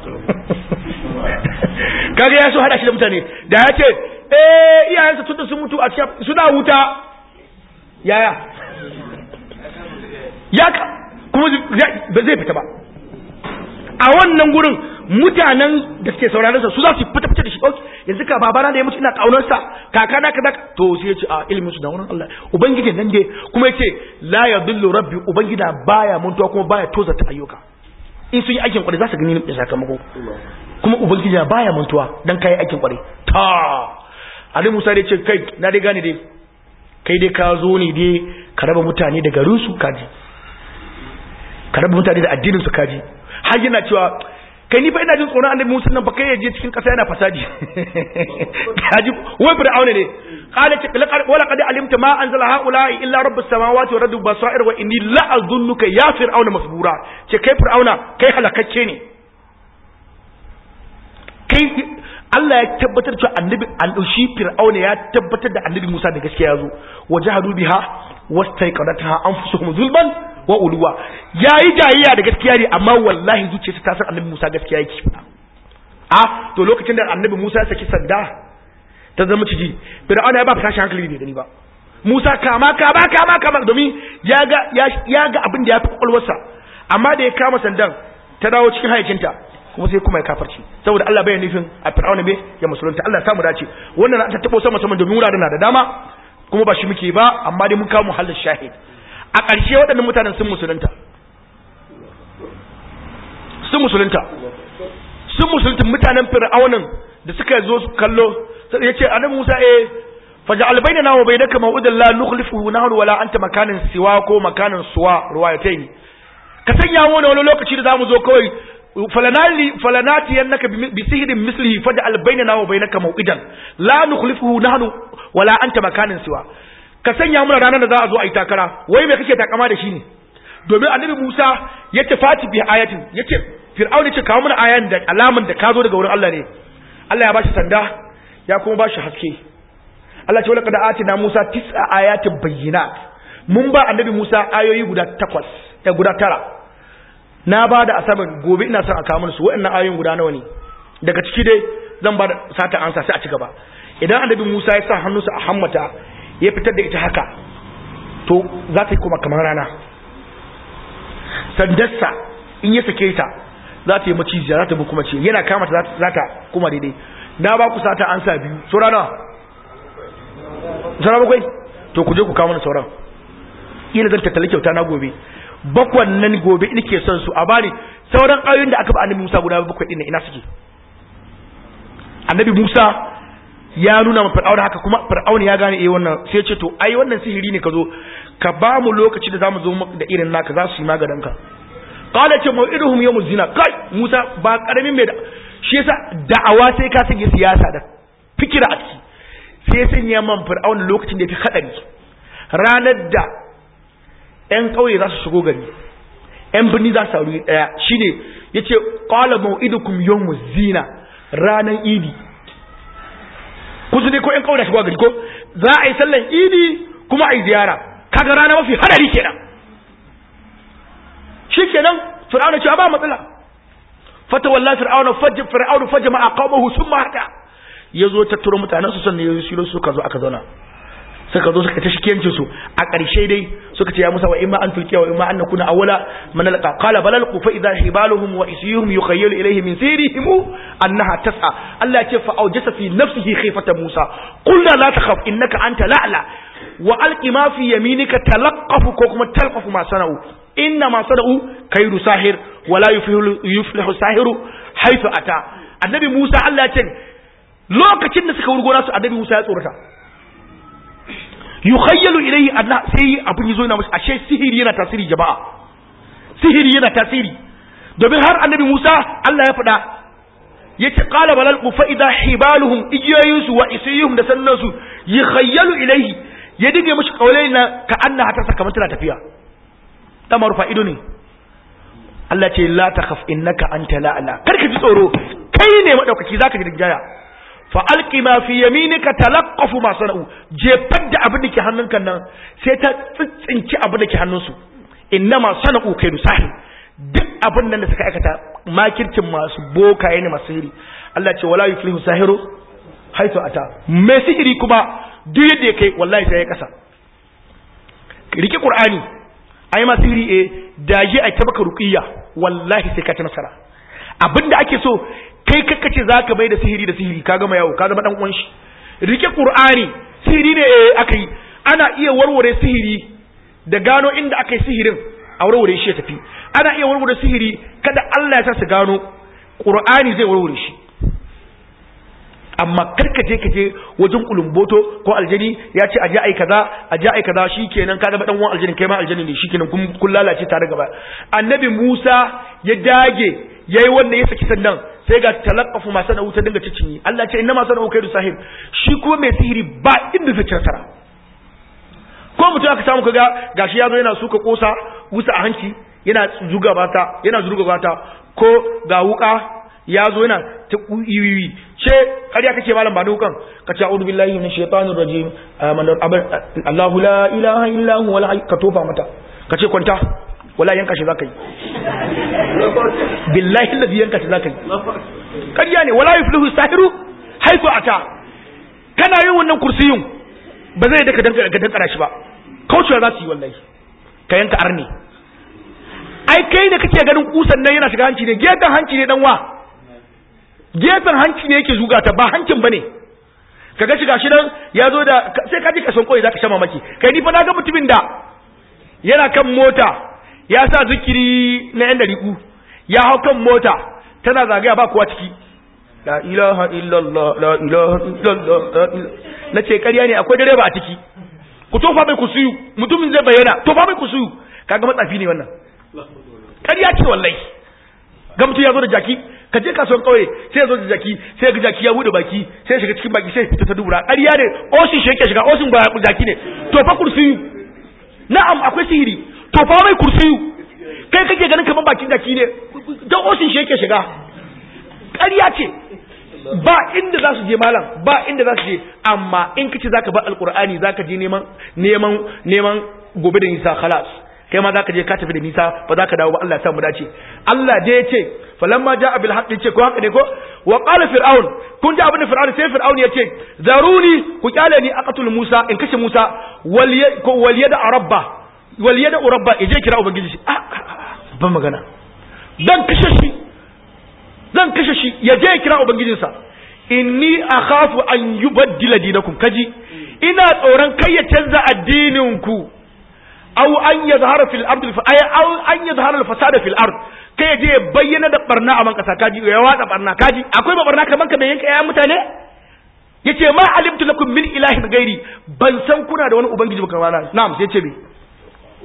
kaga ya so hada shi da mutane da ya ce eh iyayensa tunda sun mutu a cikin suna wuta yaya ya ka kuma ba zai fita ba a wannan gurin mutanen da suke sauraron sa su za su fita fita da shi dauki yanzu ka babana da ya mutu ina kaunar sa kaka na kaza to sai ya ce a ah, ilmin su da wannan Allah ubangiji nan dai kuma ya ce la yadullu rabbi ubangida baya muntuwa kuma baya tozata ayyuka in sun yi aikin kwari za su gani da sakamako kuma ubangiji ya baya mantuwa dan kai aikin kwari ta Ali Musa dai ce kai na dai gane dai kai dai ka zo ne dai ka raba mutane da garin su kaji ka raba mutane da addinin su kaji har yana cewa kai ni fa ina jin tsoron annabi Musa nan ba kai ya je cikin kasa yana fasadi kaji wai fir'auna ne قالت ولقد علمت ما أنزل هؤلاء إلا رب السماوات ورد بصائر وإني لا أظنك يا فرعون مسبورا ce kai fir'auna kai halakacce ne kai Allah ya tabbatar cewa annabi al-ushi fir'auna ya tabbatar da annabi Musa da gaskiya yazo wajahadu biha wastaiqadatha anfusuhum zulman wa ulwa yayi jayiya da gaskiya ne amma wallahi zuciyarsa ta san annabi Musa gaskiya yake a to lokacin da annabi Musa ya saki sanda ta zama ciki fir'auna ya ba tashi hankali bai gani ba musa kama kama kama kama domin ya ga ya ga abin da ya fi kwakwalwarsa amma da ya kama sandan ta dawo cikin hayyacinta kuma sai kuma ya kafarci saboda Allah bai nufin a fir'auna bai ya musulunta Allah samu dace wannan an tattabo sama sama domin wuraren na da dama kuma ba shi muke ba amma dai mun kawo muhallin shahid a ƙarshe waɗannan mutanen sun musulunta sun musulunta sun musulunta mutanen fir'aunin da suka zo su kallo sai yace annabi Musa eh faj'al bainana wa bainaka maw'idan la nukhlifuhu wala anta makanin siwa ko makanin suwa ka sanya mu wani lokaci da zamu zo kawai falanali falanati yannaka bi sihrin mislihi faj'al bainana wa bainaka la nukhlifuhu wala anta makanin siwa ka sanya mu ranar da za a zo a yi takara wai me kake takama da shi ne domin annabi Musa ya ce fati bi ayatin ya ce ce kawo mana ayan da alaman da ka zo daga wurin Allah ne Allah ya bashi sanda ya kuma bashi haske Allah ce wala qad atina Musa tis'a ayatin bayyinat mun ba annabi Musa ayoyi guda takwas ya eh, guda tara na ba da gobe ina son a kawo musu su waɗannan ayoyin guda nawa ne daga ciki dai zan ba da sata ansa sai a ci gaba idan annabi Musa ya sa hannunsa a hammata ya fitar da ita haka to za ta yi kuma kamar rana sandarsa in ya sake ta za ta yi maciji za ta bi kuma ce yana kama ta za ta kuma daidai na ba ku sata an sa biyu saura nawa bakwai to ku je ku kama na sauran Ina zan tattala kyauta na gobe bakwan nan gobe in ke son su a bani sauran ayoyin da aka ba annabi Musa guda bakwai din ina suke annabi Musa ya nuna ma fir'auna haka kuma fir'auna ya gane eh wannan sai ya ce to ai wannan sihiri ne ka zo ka ba mu lokaci da zamu zo da irin naka za su yi magadanka qala ce mau'iduhum yawm zina kai Musa ba karamin mai shi yasa da'awa sai ka sanya siyasa da fikira a ciki sai ya sanya man fir'aun lokacin da ya fi hadari ranar da ƴan ƙauye za su shigo gari ƴan birni za su sauri ɗaya shine yace qala mau'idukum yawmuz zina ranar idi kun ne ko ƴan ƙauye da shigo gari ko za a yi sallan idi kuma a yi ziyara kaga rana mafi hadari kenan shikenan fir'aun ya ce ba matsala fatawalla fir'auna fajj fir'auna fajma aqamahu thumma hada yazo ta turo mutanen su sannan yayin shiro suka zo aka zauna suka zo suka ta shikiyancin su a ƙarshe dai suka ce ya musa wa imma an tulkiya wa imma an nakuna awwala man alqa qala bal alqu fa idha hibaluhum wa isyuhum yukhayyalu ilayhi min sirihim annaha tas'a Allah ya ce fa awjasa fi nafsihi khifata musa qulna la takhaf innaka anta la'la wa alqi ma fi yaminika talaqqafu ko kuma talqafu ma sana'u inna ma sana'u kayru sahir wala yuflihu sahiru haitu ata annabi Musa Allah ya ce lokacin da suka wurgo nasu annabi Musa ya tsorata yukhayyalu ilayhi anna sai abin yazo yana masa ashe sihiri yana tasiri jama'a sihiri yana tasiri domin har annabi Musa Allah ya faɗa ya yace qala balal qufa idha hibaluhum ijayyusu wa isiyuhum da sannansu yukhayyalu ilayhi ya dige mishi kaulai na ka anna hata saka tana tafiya ta marufa ido ne Allah ce la takhaf innaka anta la'ala karka ji tsoro kai ne madaukaki zaka ji rinjaya fa alqi ma fi yaminika talaqqafu ma sana'u jefar da abin da ke hannunka nan sai ta tsitsinci abin da ke hannunsu Inna ma sana'u kaidu sahi duk abin nan da suka aikata makircin masu bokaye ne masu sihiri Allah ce wala yuflihu sahiru haitu ata mai sihiri kuma duk yadda ya kai wallahi sai ya kasa riki qur'ani ai ma eh daji a tabaka ruqiyya wallahi sai ka ci nasara abinda ake so kai kaka za zaka bai da sihiri da sihiri ka gama yawo ka zama dan uwanshi. rike qur'ani sihiri ne eh aka ana iya warware sihiri da gano inda aka sihirin a warware shi ya tafi ana iya warware sihiri kada Allah ya sa su gano qur'ani zai warware shi amma karka je wajen kulumboto ko aljani ya ce aje ai kaza aje ai kaza shikenan ka zama dan uwan aljani kai ma aljani ne shikenan kun kun lalace tare gaba annabi Musa ya dage yayi wannan ya saki sandan sai ga talaqafu ma sana'u ta dinga cicinyi Allah ce inna ma sana'u kaidu sahib shi kuma mai sihiri ba inda zai tsara ko mutum aka samu kaga gashi yazo yana suka kosa wusa a hanci yana zuga bata yana zuga bata ko ga wuka yazo yana ta kuiwi ce ƙarya kake malam ba dukan ka ce a'udhu billahi minash shaitanir rajim eh, Allahu la ilaha illa huwa wal hayy ka tofa mata ka ce kwanta wallahi yanka shi zakai billahi ladhi yanka shi zakai ƙarya ne wala yuflihu sahiru haitu ata kana yin wannan kursiyun ba zai daka da ka dankara shi ba kaucewa za su yi wallahi ka yanka arne ai kai da kake ganin kusan nan yana shiga hanci ne gefen hanci ne dan wa gefen hanci ne yake zuga ta ba hancin bane kaga shi gashi nan ya zo da sai ka ji kashin koyi zaka sha mamaki kai ni fa na ga mutumin da yana kan mota ya sa zikiri na yan dariku ya hau kan mota tana zagaya ba kowa ciki la ilaha illallah la ilaha illallah na ce ƙarya ne akwai direba a ciki ku tofa bai ku suyu mutumin zai bayyana tofa bai ku suyu kaga matsafi ne wannan ƙarya ce wallahi ga mutum ya zo da jaki ka je kasuwar kauye sai zo jaki sai ga jaki ya bude baki sai shiga cikin baki sai fita ta dubura ƙarya ne osin shi yake shiga osin ba jaki ne to fa kursiyu na'am akwai sihiri to fa mai kursiyu kai kake ganin kamar bakin jaki ne da osin shi yake shiga ƙarya ce ba inda za su je malam ba inda za su je amma in kace zaka bar alqur'ani zaka je neman neman neman gobe da nisa khalas kai ma zaka je ka tafi da nisa ba zaka dawo ba Allah ya samu dace Allah dai ya ce falamma jaa bil haqqi ce ko haka ne ko wa qala fir'aun kun ji abin da fir'aun sai fir'aun ya ce zaruni ku kyale ni aqatul musa in kashe musa wal wal yada rabba wal yada rabba ije kira ubangiji shi ah, ah, ah, ban magana dan kashe shi zan kashe shi ya je kira ubangijinsa inni akhafu an yubaddila dinakum kaji ina tsoron kai ya canza addininku au an yadhara fil ard ay aw an yadhara al fasada fil ard kai je bayyana da barna a man kasa kaji ya wada barna kaji akwai ba barna kaman ka da yanka ya mutane yace ma alimtu lakum min ilahin ghairi ban san kuna da wani ubangiji baka wala na na'am sai ce bi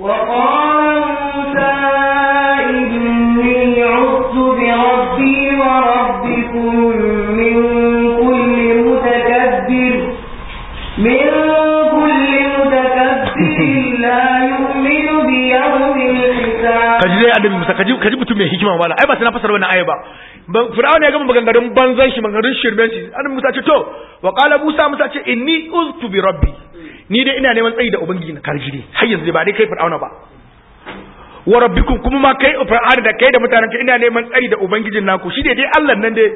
wa qala musa inni bi rabbi kaji dai annabi musa kaji kaji mutum mai hikima wala ai ba sai na fasara wannan aya ba fir'auna ya gama maganganun banzan shi maganganun shirmen shi annabi musa ce to wa qala musa musa ce inni uztu bi rabbi ni dai ina neman tsayi da ubangiji na kar dai har yanzu ba dai kai fir'auna ba wa rabbikum kuma ma kai fir'auna da kai da mutanen ka ina neman tsayi da ubangijin naku shi dai dai Allah nan dai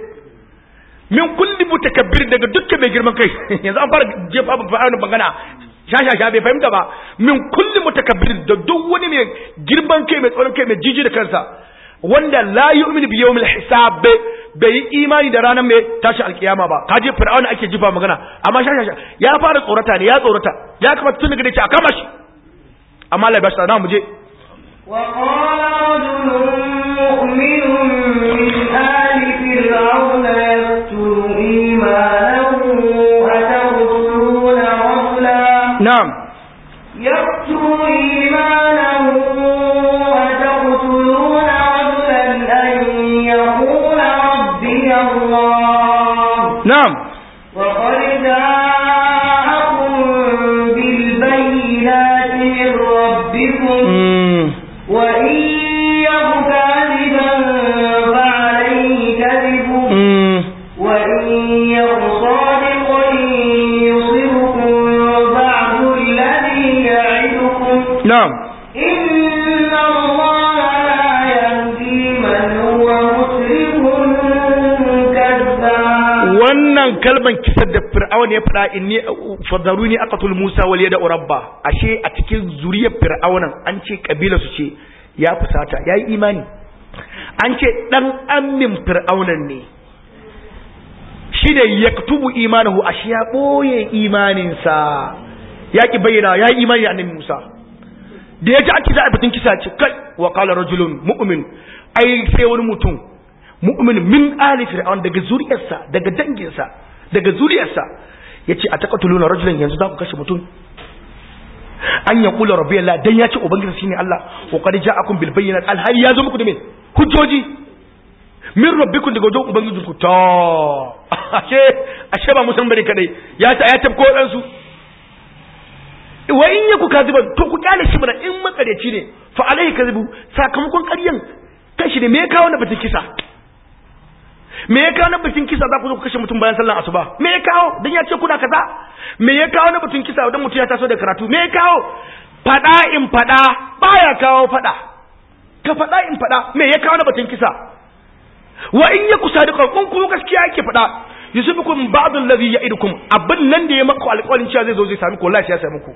min kulli mutakabbir daga dukkan mai girman kai yanzu an fara jefa fir'auna bangana shashasha bai fahimta ba min kulli mutakabbir da duk wani mai girman kai mai tsoron kai mai jiji da kansa wanda la yu'minu bi yawmil hisab bai yi imani da ranar mai tashi alkiyama ba kaje fir'auna ake jifa magana amma shashasha ya fara tsorata ne ya tsorata ya kamata tun daga da a kama shi amma Allah ya bashi na mu je wa qala rajulun mu'minun نعم يكتم wannan kalman kisar da fir'aun ya fada inni fadaruni aqatul musa wal yada rabba ashe a cikin zuriyar fir'auna an ce kabila su ce ya fusata yayi imani an ce dan ammin fir'auna ne shi da yaktubu imanahu ashe ya boye sa ya ki bayyana yayi imani annabi musa da ya ji an ci za a batun kisa ce kai wa qala rajulun mu'min ai sai wani mutum mu'min min ali fir'aun daga zuriyarsa daga danginsa daga zuriyarsa yace a taqatuluna rajulan yanzu za ku kashe mutum an ya kula rabbi dan ya ce ubangiji shine Allah wa qad ja'akum bil bayyinat al hayya yazo muku da min hujjoji min rabbikum daga wajen ubangiji ku ta ashe ashe ba musan bane kadai ya ta ya tabko dan su wa in yaku kadiban to ku kyale shi bana in makareci ne fa alaihi kadibu sakamakon ƙaryan kashi ne me ya kawo na batun kisa me ya kawo na batun kisa za ku zo ku kashe mutum bayan sallar asuba me ya kawo dan ya ce kuna kaza me ya kawo na batun kisa dan mutum ya taso da karatu me ya kawo fada in fada baya kawo fada ka fada in fada me ya kawo na batun kisa wa in yaku sadiqan kun ku gaskiya yake fada yusufukum ba'd allazi ya'idukum abin nan da ya maka alƙawarin cewa zai zo zai sami ku wallahi ya sami ku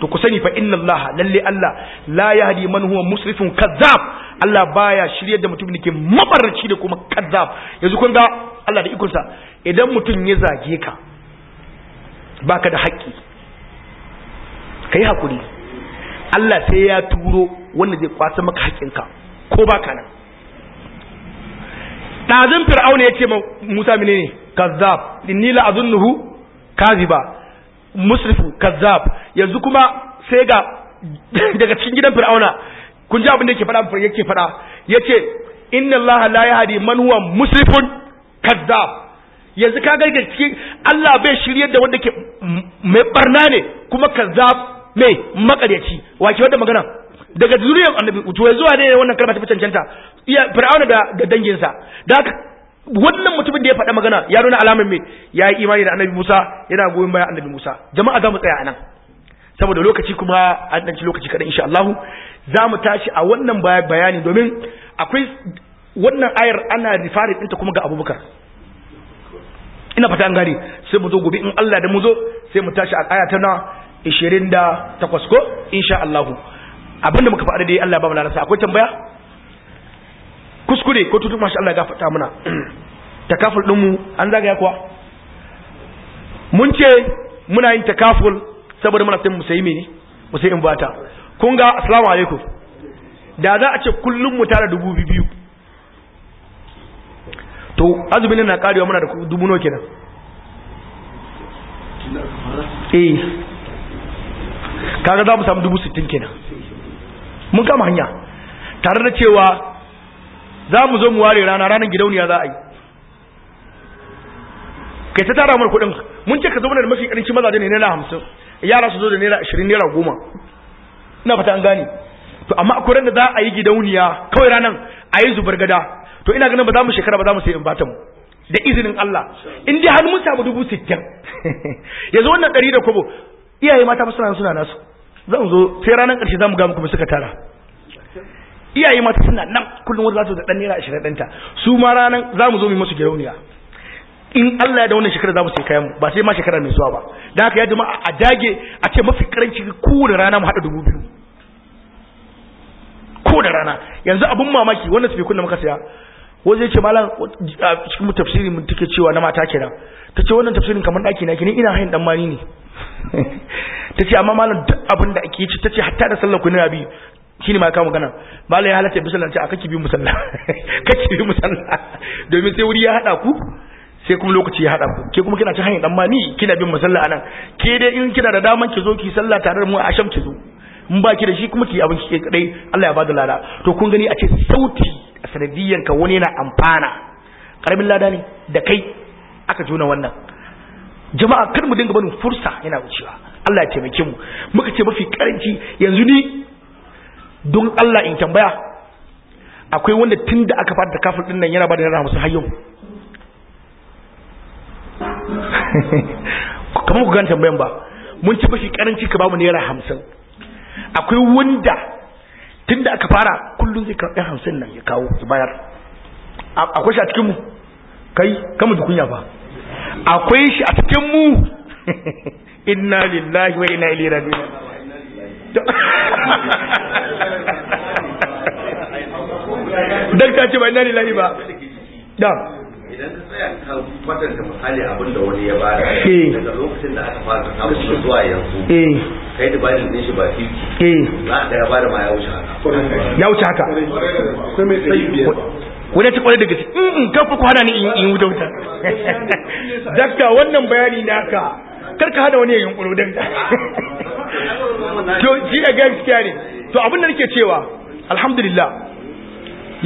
to ku sani fa inna Allah lalle Allah la yahdi man huwa musrifun kazzab Allah baya shiryar da mutum ke mabarraci da kuma kazzab yanzu kun ga Allah da ikonsa idan mutum ya zage ka baka da haƙƙi kai hakuri Allah sai ya turo wanda zai kwasa maka haƙƙinka ko baka nan ɗazin fir'auna ya ce Musa menene kazzab inni la azunnuhu kaziba musrifu kazzab yanzu kuma sai ga daga cikin gidan fir'auna kun ji abin da yake faɗa yake faɗa yace inna allah la yahdi man huwa musrifun kazzab yanzu ka ga cikin Allah bai shiryar da wanda ke mai barna ne kuma kazzab mai makaryaci wace wanda magana daga zuriyar annabi to yanzu ne wannan kalma ta fi cancanta iya fir'auna da danginsa da wannan mutumin da ya faɗa magana ya nuna alamar mai ya yi imani da annabi Musa yana goyon baya annabi Musa jama'a za mu tsaya anan saboda lokaci kuma an ci lokaci kaɗan insha Allah za mu tashi a wannan bayani domin akwai wannan ayar ana rifari ɗinta kuma ga abubakar ina fata an gane sai mu zo gobe in Allah da mu zo sai mu tashi a aya ta na 28 ko insha Allah abinda muka faɗa dai Allah ba mu lalasa akwai tambaya kuskure ko tutu mashi Allah gafarta muna takaful mu an zagaya kuwa mun ce muna yin takaful saboda muna sai mu sayi mene mu sayi invata kun ga assalamu alaikum da za a ce kullum mu tara dubu biyu to azumin na karewa muna da dubu nawa kenan eh kaga za mu samu dubu sittin kenan mun kama hanya tare da cewa za mu zo mu ware rana ranar gidauniya za a yi kai ta tara mana kuɗin mun ce ka zo mana da mafi ƙaranci mazaje ne naira hamsin yara su zo da naira ashirin naira goma ina fata an gane to amma akwai ran da za a yi gidauniya kawai ranar a yi zubar gada to ina ganin ba za mu shekara ba za mu sai in bata mu da izinin Allah in dai har mun samu dubu sittin yanzu wannan ɗari da kobo iyaye mata suna suna nasu zan zo sai ranar ƙarshe za mu ga muku suka tara iyaye mata suna nan kullum wata za su da ɗan naira ashirin ɗanta su ma ranar za mu zo mu musu girauniya in Allah ya da wannan shekara za mu sai kayan ba sai ma shekara mai zuwa ba Dan haka ya jama'a a dage a ce mafi karanci kowane rana mu haɗa dubu biyu kowane rana yanzu abun mamaki wannan bai kunna muka saya ya ce malam a cikin tafsiri mun take cewa na mata kenan ta ce wannan tafsirin kamar ɗaki na ki ne ina hain dan mani ne ta ce amma malam duk abin da ake ci ta ce hatta da sallar na abi shi ne ma ka magana la ya halatta bisallan ce a kake bi musalla kake bi musalla domin sai wuri ya haɗa ku sai kuma lokaci ya haɗa ku ke kuma kina ci hanyar dan mani kina bin musalla anan ke dai in kina da daman ki zo ki sallah tare da mu a sham ki zo in ba ki da shi kuma ki abin ki kadai Allah ya bada lada to kun gani a ce sauti a ka wani yana amfana karamin lada ne da kai aka jona wannan jama'a kar mu dinga barin fursa yana wucewa Allah ya taimake mu muka ce mafi karanci yanzu ni don Allah in tambaya akwai wanda tun da aka fara kafin ɗin nan yana ba da naira hamsin har yau kamar ku gane tambayan ba mun ci bashi karanci ka bamu naira hamsin akwai wanda tun da aka fara kullum zai karɓi hamsin nan ya kawo ya bayar akwai shi a cikinmu kai kama dukunya fa akwai shi a cikinmu inna lillahi wa inna ilaihi raji'un dakta ce ba ina lillahi ba da idan ka tsaya ka kwatanta misali abin da wani ya ba da, eh. daga lokacin da aka fara samu shi zuwa yanzu eh. kai da bani ne shi ba fi eh. za ka ya ba da ma ya wuce haka ya wuce haka wadda ta kwarar da gaske in kafa ku hana ni in wuta wuta dakta wannan bayani naka karka hada wani ya yunkuro dakta to a da gaskiya ne to abin da nake cewa alhamdulillah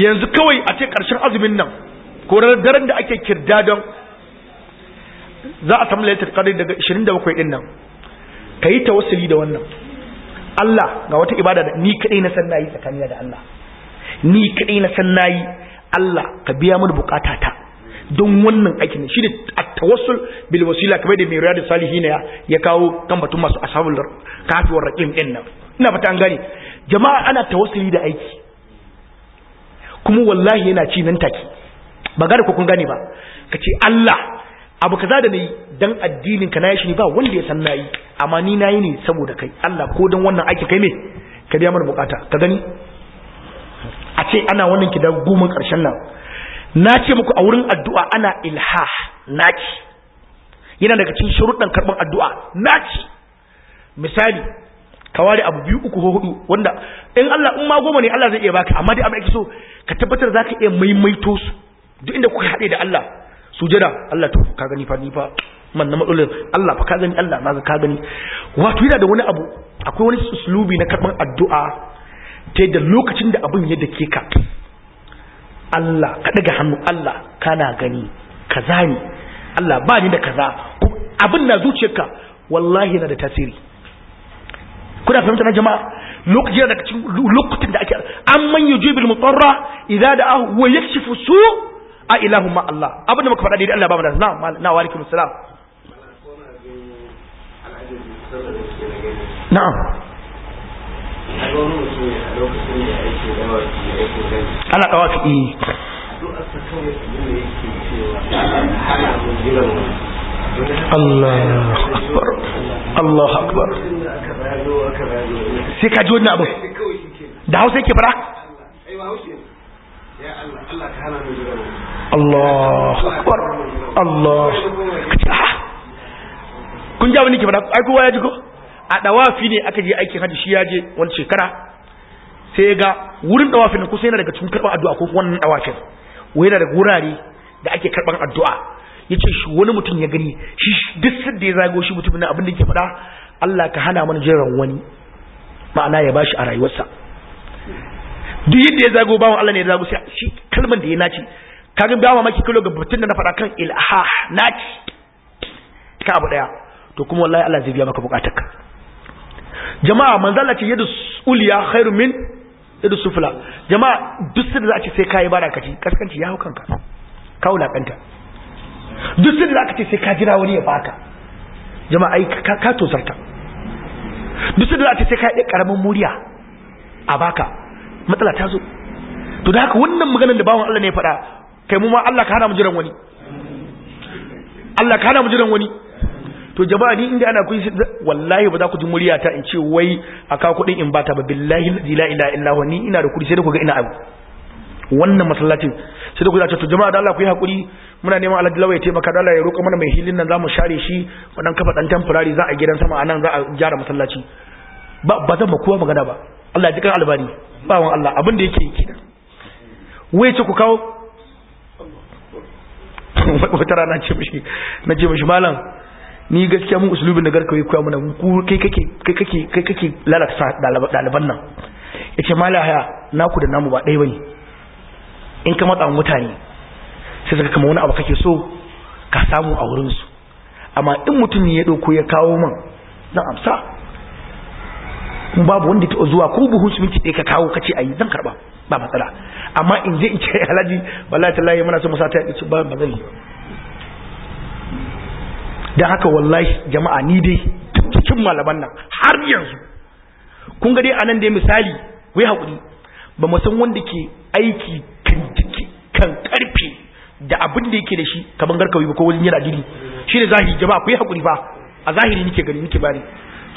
yanzu kawai a ce karshen azumin nan ko daren da ake kirdadon za a samu laitar kadai daga 27 din nan ka yi tawassuli da wannan Allah ga wata ibada da ni kadai na san nayi tsakaniya da Allah ni kadai na san nayi Allah ka biya mini bukatata don wannan aikin shi ne tawassul bil wasila kamar da mai riyadu na ya kawo kan batun masu ashabul kafiwar raqim din nan ina fata an gane jama'a ana tawassuli da aiki kuma wallahi yana ci nan take ba gane ko kun gane ba kace Allah abu kaza da nayi dan addinin ka na nayi shi ba wanda ya san nayi amma ni nayi ne saboda kai Allah ko dan wannan aiki kai me ka biya mana bukata ka gani a ce ana wannan kidan goma karshen nan na ce muku a wurin addu'a ana na ci. yana daga cikin sharuɗan karɓar addu'a ci. misali ka ware abu biyu uku ko hudu wanda in Allah in ma goma ne Allah zai iya baka amma dai abin ake so ka tabbatar zaka iya maimaito su duk inda kuka haɗe da Allah sujada Allah to ka gani fa ni fa man na matsalolin Allah fa ka gani Allah na ka gani wato yana da wani abu akwai wani uslubi na karɓar addu'a ta da lokacin da abin ya dake ka Allah ka daga hannu Allah kana gani kaza ne Allah ba ni da kaza abin na zuciyarka wallahi na da tasiri kuna fahimta na jama'a lokacin da cikin lokacin da ake an man yujibul mutarra idza da'ahu wa yakshifu su a ilahu ma Allah abin da muka faɗa dai Allah ba mu da na na wa alaikum salam na'am ana dawafi yi Allah akbar Allah akbar sai ka ji wani abu da hausa yake fara Allah akbar Allah kun ja wani ke fara aiko waya ji ko a dawafi ne aka je aikin hajji shi ya je wani shekara sai ga wurin dawafin kusa yana daga cikin karban addu'a ko wannan dawafin wai yana daga wurare da ake karban addu'a yace shi wani mutum ya gani shi duk sanda ya zago shi mutumin abin da yake faɗa Allah ka hana mana jiran wani ma'ana ya bashi a rayuwarsa duk yadda ya zago bawon Allah ne ya zago sai shi kalmar da ya naci kaga bawa maki kilo ga batun da na faɗa kan ilha naci ka abu daya to kuma wallahi Allah zai biya maka bukatarka jama'a manzala ce yadda uliya khairu min yadda sufla jama'a duk sirri da a ce sai kayi bara kaci kaskanci ya hau kanka ka wulaƙanta duk sirri da ka ce sai ka jira wani ya baka jama'a ai ka tozarta duk sirri da a ce sai ka yi ƙaramin muriya a baka matsala ta zo to da haka wannan maganar da bawan Allah ne ya faɗa kai mu ma Allah ka hana mu jiran wani Allah ka hana mu jiran wani to jama'a ni inda ana kuyi wallahi ba za ku ji murya ta in ce wai aka kudin in bata ba billahi la ilaha illa huwa ni ina da kudi sai da ku ga ina abu wannan masallacin sai da ku zace to jama'a da Allah ku yi hakuri muna neman Allah dalawa ya taimaka da Allah ya roƙa mana mai hilin nan zamu share shi wannan kafa dan temporary za a gidan sama anan za a gyara masallaci ba ba zan ba kowa magana ba Allah ya ji kan albani ba wan Allah abin da yake yi wai ce ku kawo wata rana ce mishi na ce mishi malam ni gaskiya mun uslubin da garkawai kuwa muna ku kai kake kai kake kai kake lalata daliban nan yace malaha haya naku da namu ba ɗaya bane in ka matsa mutane sai suka kama wani abu kake so ka samu a wurin su amma in mutum ne ya dauko ya kawo man dan amsa kun babu wanda ta zuwa ko buhun miki dai ka kawo kace ayi zan karba ba matsala amma in je in ce alhaji wallahi tallahi muna so mu sa ta ba ba zan yi don haka wallahi jama'a ni dai cikin malaman nan har yanzu kun ga dai a nan dai misali wai haƙuri ba mu san wanda ke aiki kan jiki kan karfe da abin da yake da shi kaman garkawi ba ko wajen yana dini shi ne zahiri jama'a ku yi haƙuri ba a zahiri nike gani nike bani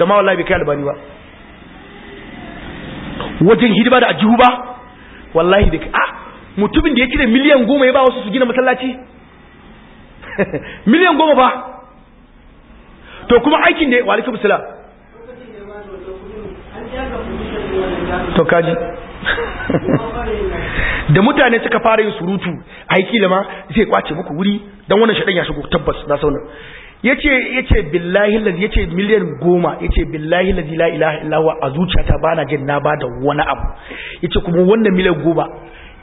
ma wallahi bai kai albani ba wajen hidima da ajihu ba wallahi da ah mutumin da ya cire miliyan goma ya ba wasu su gina masallaci miliyan goma ba to kuma aikin da wa alaikum salam to kaji da mutane suka fara yin surutu aiki lama zai kwace muku wuri dan wannan shaɗan ya shigo tabbas na sauna yace yace billahi lazi yace miliyan goma yace billahi lazi la ilaha illahu a zuciyata bana jin na bada wani abu yace kuma wannan miliyan goma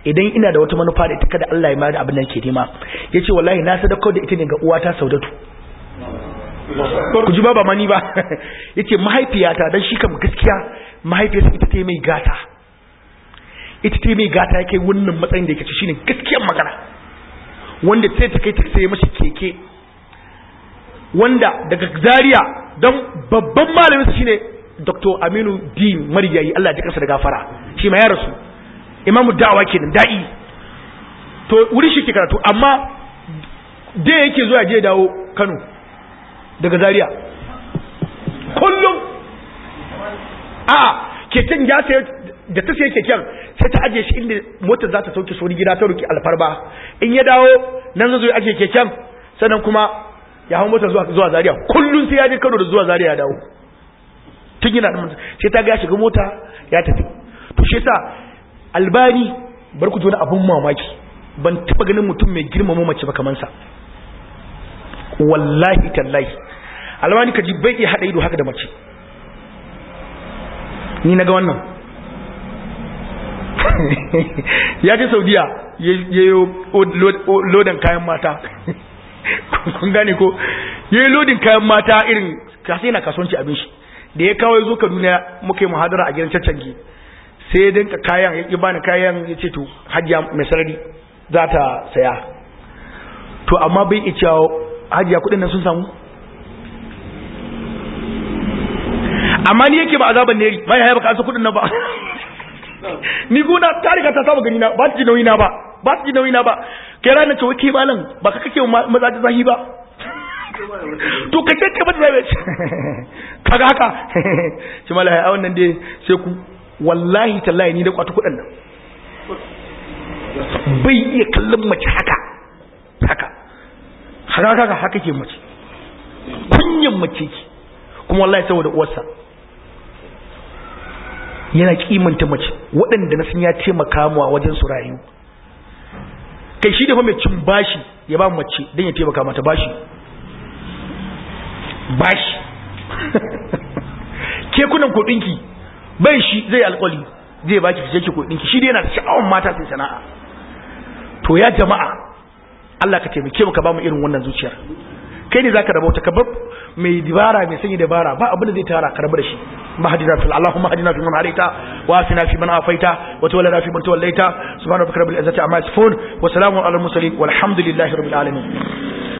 idan ina da wata manufa da ita kada Allah ya mayar da abin nan ke nema yace wallahi na sadaukar da ita ne ga uwata Saudatu ku ji ba mani ba yace mahaifiyata dan shi kam gaskiya mahaifiyarsa ita ta mai gata ita ta mai gata yake wannan matsayin da yake ci shine gaskiyar magana wanda sai ta kai ta sai mashi keke wanda daga Zaria dan babban malamin sa shine Dr. Aminu D Marigayi Allah ya kasa da gafara shi ma ya rasu imamu da'awa kenan da'i to wuri shi ke karatu amma da yake zuwa je dawo Kano daga Zariya. kullum a keken ya sai da ta sai keken sai ta ajiye shi inda motar za ta sauke su gida ta ruki alfarba in ya dawo nan zai ajiye keken sannan kuma ya hau motar zuwa Zariya. kullum sai ya je kano da zuwa Zariya ya dawo tun yana da sai ta ga ya shiga mota ya tafi to shi yasa albani bar ji wani abun mamaki ban taba ganin mutum mai girmama mace ba kamar sa wallahi tallahi alwani ka ji bai iya haɗa ido haka da mace ni na ga wannan ya je saudiya ya yi lodin kayan mata kun gane ko ya yi lodin kayan mata irin kasai na kasuwanci abin shi da ya kawo zo kaduna muka yi muhadara a gidan cancanci sai ya dinka kayan ya bani kayan ya ce to hajiya mai sarari za ta saya to amma bai iya cewa hajiya kudin nan sun samu amma ni yake ba azaban ne ba ya haifa kasu kudin nan ba ni guna ta riga ta saba gani na ba su ji nauyi na ba ba su ji nauyi na ba kai ranar ce wake malam ba ka kake maza ta zahi ba to ka kake ba ta zahi kaga haka shi mala ya wannan dai sai ku wallahi tallahi ni da kwatu kudin nan bai iya kallon mace haka haka haka kaga haka ke mace kunyan mace ki kuma wallahi saboda uwarsa yana kimanta mace waɗanda na san ya taimaka mu a wajen su rayu kai shi da fa mai cin bashi ya ba mace don ya taimaka mata bashi bashi kekunan kuɗinki bai shi zai alƙali zai baki fice ki ki shi dai yana da sha'awar mata sai sana'a to ya jama'a Allah ka taimake mu ka ba mu irin wannan zuciyar kai ne zaka rabauta ka bab mai dibara mai sanyi dibara ba abin da zai tara ka rabu da shi mahdina fil allahumma hadina fi man hadaita wa afina fi man afaita wa tawallana fi man tawallaita subhana rabbika rabbil izzati amma yasifun wa salamun alal mursalin walhamdulillahi rabbil alamin